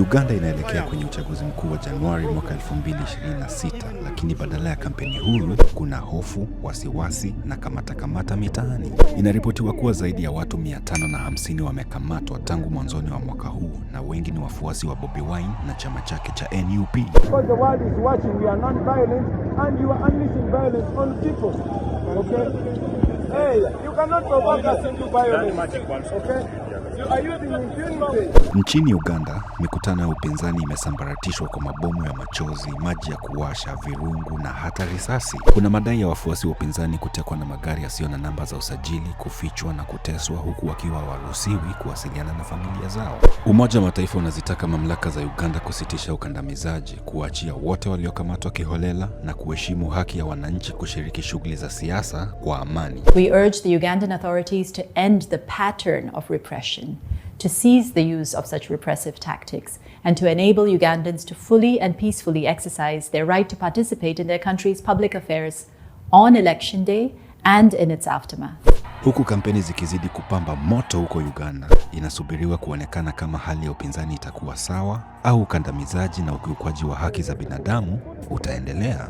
Uganda inaelekea kwenye uchaguzi mkuu wa Januari mwaka 2026, lakini badala ya kampeni huru kuna hofu, wasiwasi na kamatakamata mitaani. Inaripotiwa kuwa zaidi ya watu 550 wamekamatwa tangu mwanzoni wa mwaka huu na wengi ni wafuasi wa Bobi Wine na chama chake cha NUP. Okay. Yaani Nchini Uganda, mikutano ya upinzani imesambaratishwa kwa mabomu ya machozi, maji ya kuwasha, virungu na hata risasi. Kuna madai ya wafuasi wa upinzani kutekwa na magari yasiyo na namba za usajili, kufichwa na kuteswa, huku wakiwa waruhusiwi kuwasiliana na familia zao. Umoja wa Mataifa unazitaka mamlaka za Uganda kusitisha ukandamizaji, kuachia wote waliokamatwa kiholela na kuheshimu haki ya wananchi kushiriki shughuli za siasa kwa amani. We urged the Ugandan authorities to end the pattern of repression, to cease the use of such repressive tactics, and to enable Ugandans to fully and peacefully exercise their right to participate in their country's public affairs on election day and in its aftermath. Huku kampeni zikizidi kupamba moto huko Uganda, inasubiriwa kuonekana kama hali ya upinzani itakuwa sawa au ukandamizaji na ukiukwaji wa haki za binadamu utaendelea.